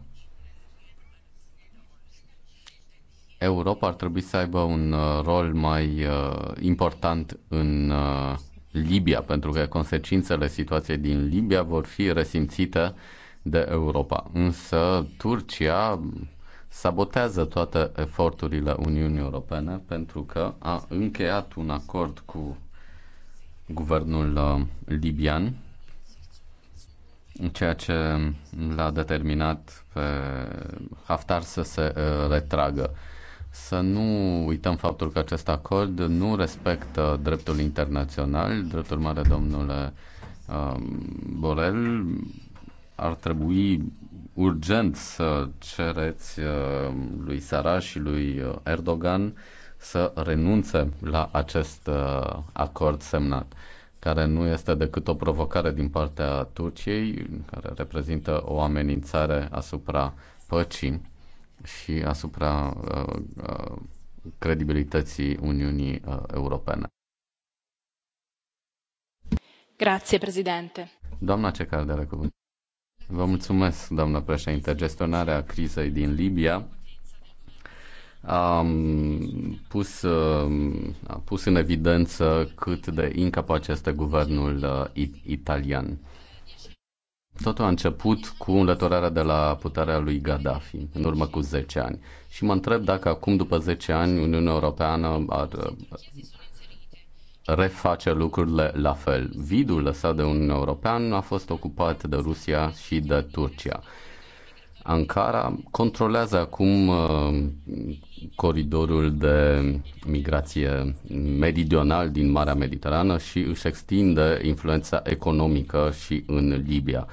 Europa ar trebui să aibă un uh, rol mai uh, important în uh, Libia, pentru că consecințele situației din Libia vor fi resimțite de Europa. Însă Turcia sabotează toate eforturile Uniunii Europene pentru că a încheiat un acord cu guvernul libian, ceea ce l-a determinat pe Haftar să se retragă să nu uităm faptul că acest acord nu respectă dreptul internațional. Dreptul mare, domnule um, Borel, ar trebui urgent să cereți uh, lui Sara și lui uh, Erdogan să renunțe la acest uh, acord semnat, care nu este decât o provocare din partea Turciei, care reprezintă o amenințare asupra păcii și asupra uh, uh, credibilității Uniunii uh, Europene. Grazie, președinte. Doamna Cecar, de la cuvânt. Vă mulțumesc, doamnă președinte. Gestionarea crizei din Libia a pus, a pus în evidență cât de incapace este guvernul italian Totul a început cu înlăturarea de la puterea lui Gaddafi, în urmă cu 10 ani. Și mă întreb dacă acum, după 10 ani, Uniunea Europeană ar uh, reface lucrurile la fel. Vidul lăsat de Uniunea Europeană a fost ocupat de Rusia și de Turcia. Ankara controlează acum uh, coridorul de migrație meridional din Marea Mediterană și își extinde influența economică și în Libia.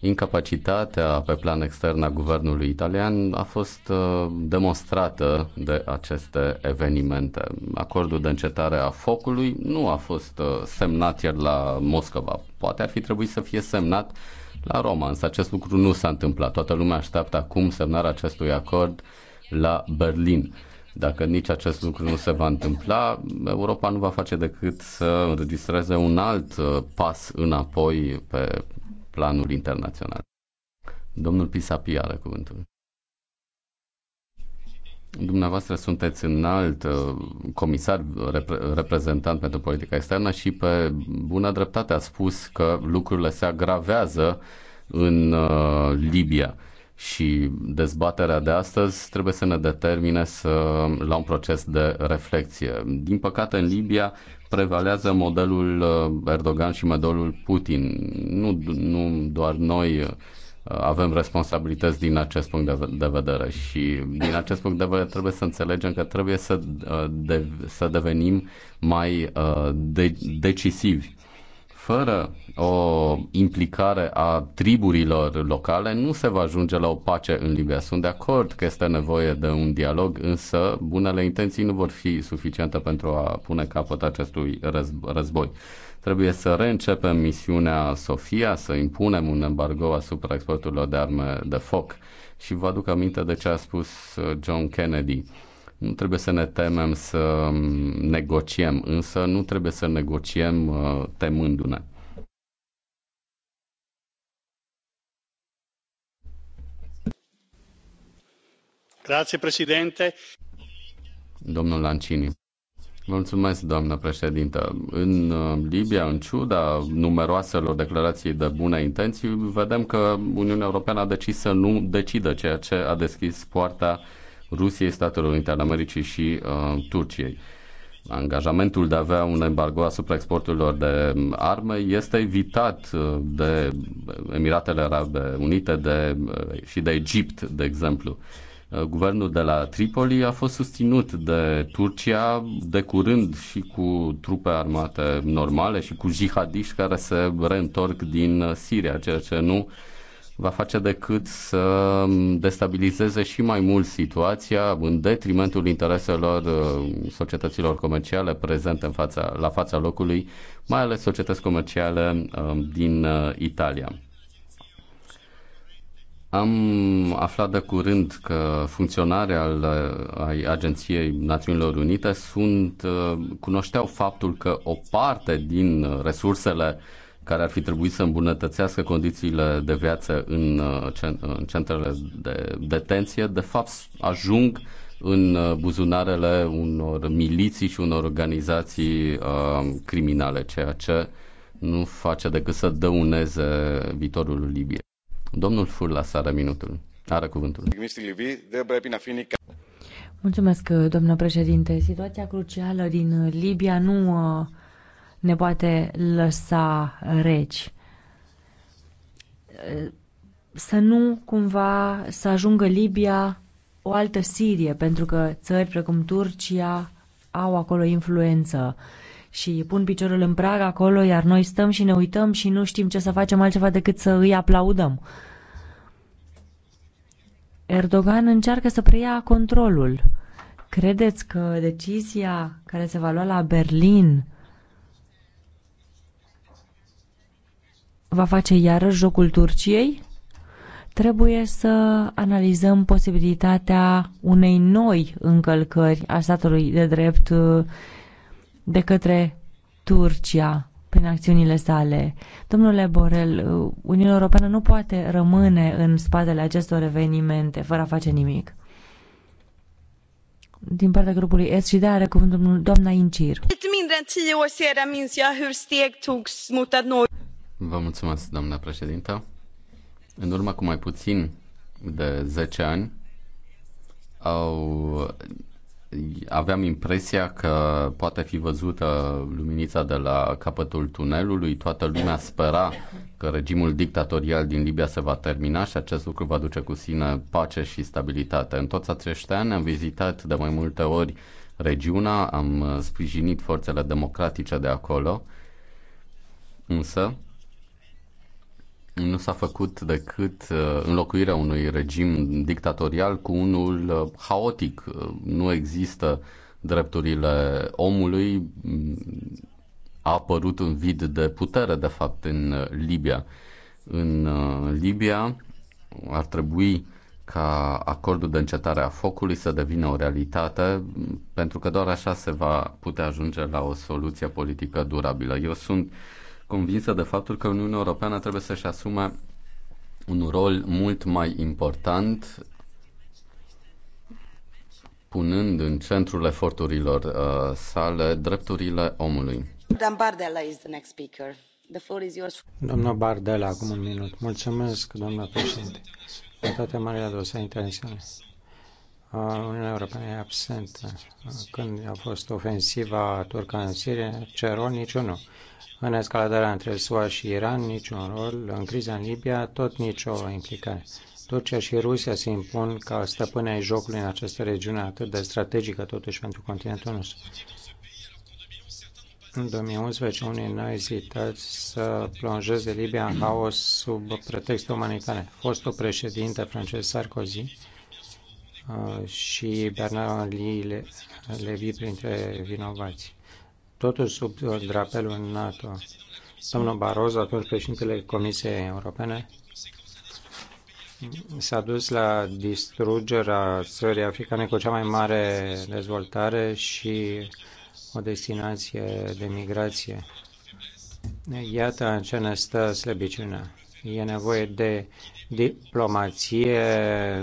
Incapacitatea pe plan extern a guvernului italian a fost uh, demonstrată de aceste evenimente. Acordul de încetare a focului nu a fost uh, semnat iar la Moscova. Poate ar fi trebuit să fie semnat la Roma, însă acest lucru nu s-a întâmplat. Toată lumea așteaptă acum semnarea acestui acord la Berlin. Dacă nici acest lucru nu se va întâmpla, Europa nu va face decât să înregistreze un alt uh, pas înapoi pe planul internațional. Domnul Pisapia are cuvântul. Dumneavoastră sunteți înalt uh, comisar repre- reprezentant pentru politica externă și pe bună dreptate a spus că lucrurile se agravează în uh, Libia și dezbaterea de astăzi trebuie să ne determine să, la un proces de reflexie. Din păcate, în Libia prevalează modelul uh, Erdogan și modelul Putin. Nu, nu doar noi avem responsabilități din acest punct de vedere și din acest punct de vedere trebuie să înțelegem că trebuie să, uh, de, să devenim mai uh, de, decisivi. Fără o implicare a triburilor locale nu se va ajunge la o pace în Libia. Sunt de acord că este nevoie de un dialog, însă bunele intenții nu vor fi suficiente pentru a pune capăt acestui război Trebuie să reîncepem misiunea Sofia, să impunem un embargo asupra exporturilor de arme de foc. Și vă aduc aminte de ce a spus uh, John Kennedy. Nu trebuie să ne temem să um, negociem, însă nu trebuie să negociem uh, temându-ne. Grazie, Presidente. Domnul Lancini. Mulțumesc, doamnă președintă. În uh, Libia, în ciuda numeroaselor declarații de bune intenții, vedem că Uniunea Europeană a decis să nu decidă ceea ce a deschis poarta Rusiei, Statelor Unite ale Americii și uh, Turciei. Angajamentul de a avea un embargo asupra exporturilor de arme este evitat uh, de Emiratele Arabe Unite de, uh, și de Egipt, de exemplu. Uh, Uh, guvernul de la Tripoli a fost susținut de Turcia de curând și cu trupe armate normale și cu jihadiști care se reîntorc din uh, Siria, ceea ce nu va face decât să um, destabilizeze și mai mult situația în detrimentul intereselor uh, societăților comerciale prezente în fața, la fața locului, mai ales societăți comerciale um, din Italia. Am aflat de curând că funcționare al ai Agenției Națiunilor Unite sunt, uh, cunoșteau faptul că o parte din resursele care ar fi trebuit să îmbunătățească condițiile de viață în, uh, uh, în centrele de detenție, de fapt ajung în buzunarele unor miliții și unor organizații uh, criminale, ceea ce nu face decât să dăuneze viitorul Libiei. Domnul Furlas are minutul. Are cuvântul. Mulțumesc, domnul președinte. Situația crucială din Libia nu uh, ne poate lăsa reci. Uh, să nu cumva să ajungă Libia o altă Sirie, pentru că țări precum Turcia au acolo influență. Uh, și pun piciorul în prag acolo, iar noi stăm și ne uităm și nu știm ce să facem altceva decât să îi aplaudăm. Erdogan încearcă să preia controlul. Credeți că decizia care se va lua la Berlin va face iarăși jocul Turciei? Trebuie să analizăm posibilitatea unei noi încălcări a statului de drept de către Turcia prin acțiunile sale. Domnule Borel, Uniunea Europeană nu poate rămâne în spatele acestor evenimente fără a face nimic. Din partea grupului S și de are cuvântul doamna Incir. Vă mulțumesc, doamna președintă. În urmă cu mai puțin de 10 ani, au aveam impresia că poate fi văzută luminița de la capătul tunelului, toată lumea spera că regimul dictatorial din Libia se va termina și acest lucru va duce cu sine pace și stabilitate. În toți acești ani am vizitat de mai multe ori regiunea, am sprijinit forțele democratice de acolo, însă nu s-a făcut decât uh, înlocuirea unui regim dictatorial cu unul uh, haotic. Uh, nu există drepturile omului. Mm, a apărut un vid de putere, de fapt, în Libia. În Libia ar trebui ca acordul de încetare a focului să devină o realitate, mm, pentru că doar așa se va putea ajunge la o soluție politică durabilă. Eu sunt uh, convinsă de faptul că Uniunea Europeană trebuie să-și asume un rol mult mai important punând în centrul eforturilor uh, sale drepturile omului. Doamna Bardella, acum un minut. Mulțumesc, doamna președinte. La toate marile adversare internaționale. Uniunea Europeană e absentă. Când a fost ofensiva turcă în Siria, ce rol? Niciunul. În escaladarea între SUA și Iran, niciun rol. În criza în Libia, tot nicio implicare. Turcia și Rusia se impun ca stăpâne ai jocului în această regiune atât de strategică totuși pentru continentul nostru. În 2011, unii n-au ezitat să plonjeze Libia în haos sub pretexte umanitare. Fostul președinte francez Sarkozy Ah, și Bernard Lee Levi printre vinovați. Totuși sub drapelul NATO. Domnul Barroso, atunci președintele Comisiei Europene, s-a dus la distrugerea țării africane cu cea mai mare dezvoltare și o destinație de migrație. Iată în ce ne stă slăbiciunea. E nevoie de diplomație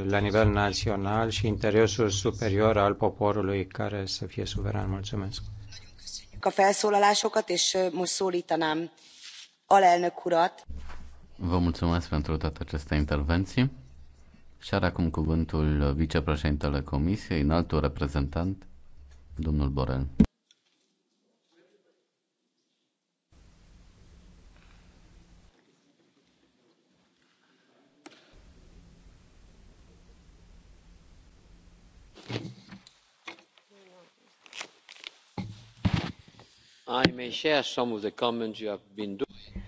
la nivel național și interesul superior al poporului care să fie suveran. Mulțumesc. A felszólalásokat, és most szólítanám alelnök urat. Vă mulțumesc pentru toate aceste intervenții. Și are acum cuvântul vicepreședintele Comisiei, înaltul reprezentant, domnul Borel.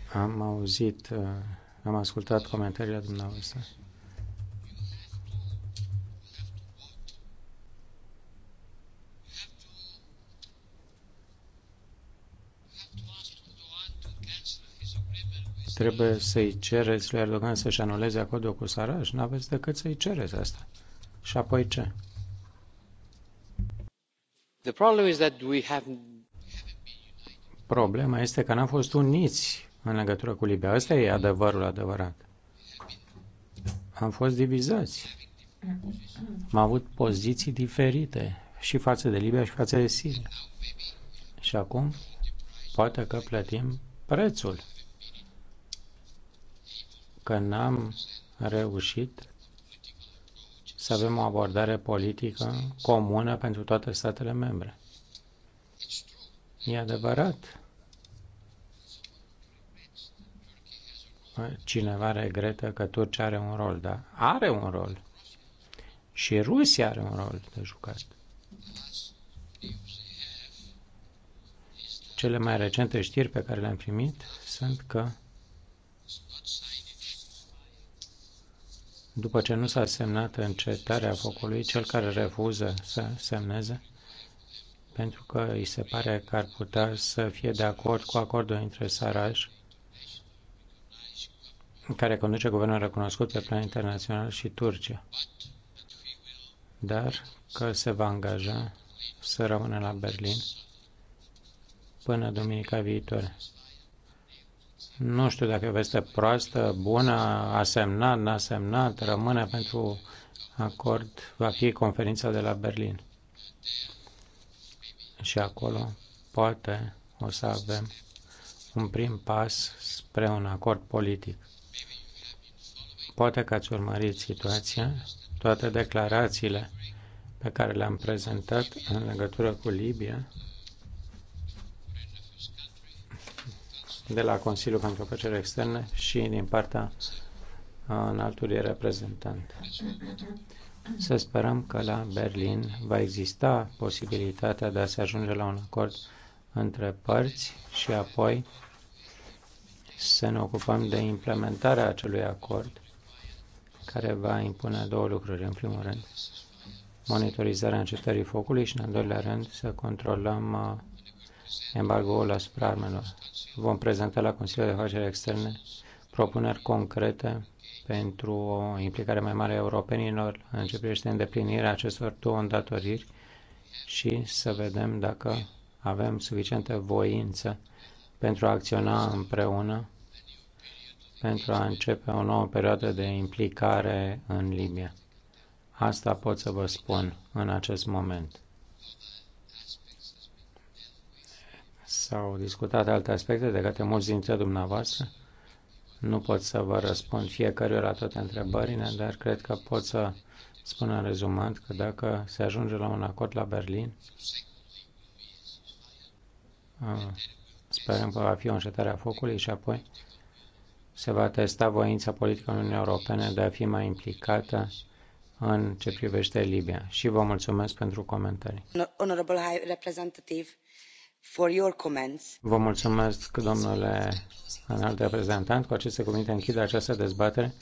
Am auzit, uh, am ascultat comentariile dumneavoastră. Trebuie să-i cereți lui Erdogan să-și anuleze acordul cu Saraj? Nu aveți decât să-i cereți asta. Și apoi ce? The problem is that we have Problema este că n-am fost uniți în legătură cu Libia. Asta e adevărul adevărat. Am fost divizați. Am avut poziții diferite și față de Libia și față de Siria. Și acum poate că plătim prețul că n-am reușit să avem o abordare politică comună pentru toate statele membre. E adevărat. Cineva regretă că Turcia are un rol, da? Are un rol. Și Rusia are un rol de jucat. Cele mai recente știri pe care le-am primit sunt că după ce nu s-a semnat încetarea focului, cel care refuză să semneze pentru că îi se pare că ar putea să fie de acord cu acordul între Saraj, care conduce guvernul recunoscut pe plan internațional și Turcia, dar că se va angaja să rămână la Berlin până duminica viitoare. Nu știu dacă e veste proastă, bună, a semnat, n-a semnat, rămâne pentru acord, va fi conferința de la Berlin și acolo poate o să avem un prim pas spre un acord politic. Poate că ați urmărit situația, toate declarațiile pe care le-am prezentat în legătură cu Libia, de la Consiliul pentru Păcere Externe și din partea uh, înaltului reprezentant. Să sperăm că la Berlin va exista posibilitatea de a se ajunge la un acord între părți și apoi să ne ocupăm de implementarea acelui acord care va impune două lucruri. În primul rând, monitorizarea încetării focului și, în al doilea rând, să controlăm uh, embargoul asupra armelor. Vom prezenta la Consiliul de Afaceri Externe propuneri concrete pentru o implicare mai mare a europenilor în ce privește îndeplinirea acestor două îndatoriri și să vedem dacă avem suficientă voință pentru a acționa împreună pentru a începe o nouă perioadă de implicare în Libia. Asta pot să vă spun în acest moment. S-au discutat alte aspecte de către mulți dintre dumneavoastră. Nu pot să vă răspund fiecare la toate întrebările, dar cred că pot să spun în rezumat că dacă se ajunge la un acord la Berlin, uh, sperăm că va fi o încetare a focului și apoi se va testa voința politică în Uniunea Europeană de a fi mai implicată în ce privește Libia. Și vă mulțumesc pentru comentarii. Honorable High Representative, Vă mulțumesc, domnule înalt reprezentant. Cu aceste cuvinte închid această dezbatere.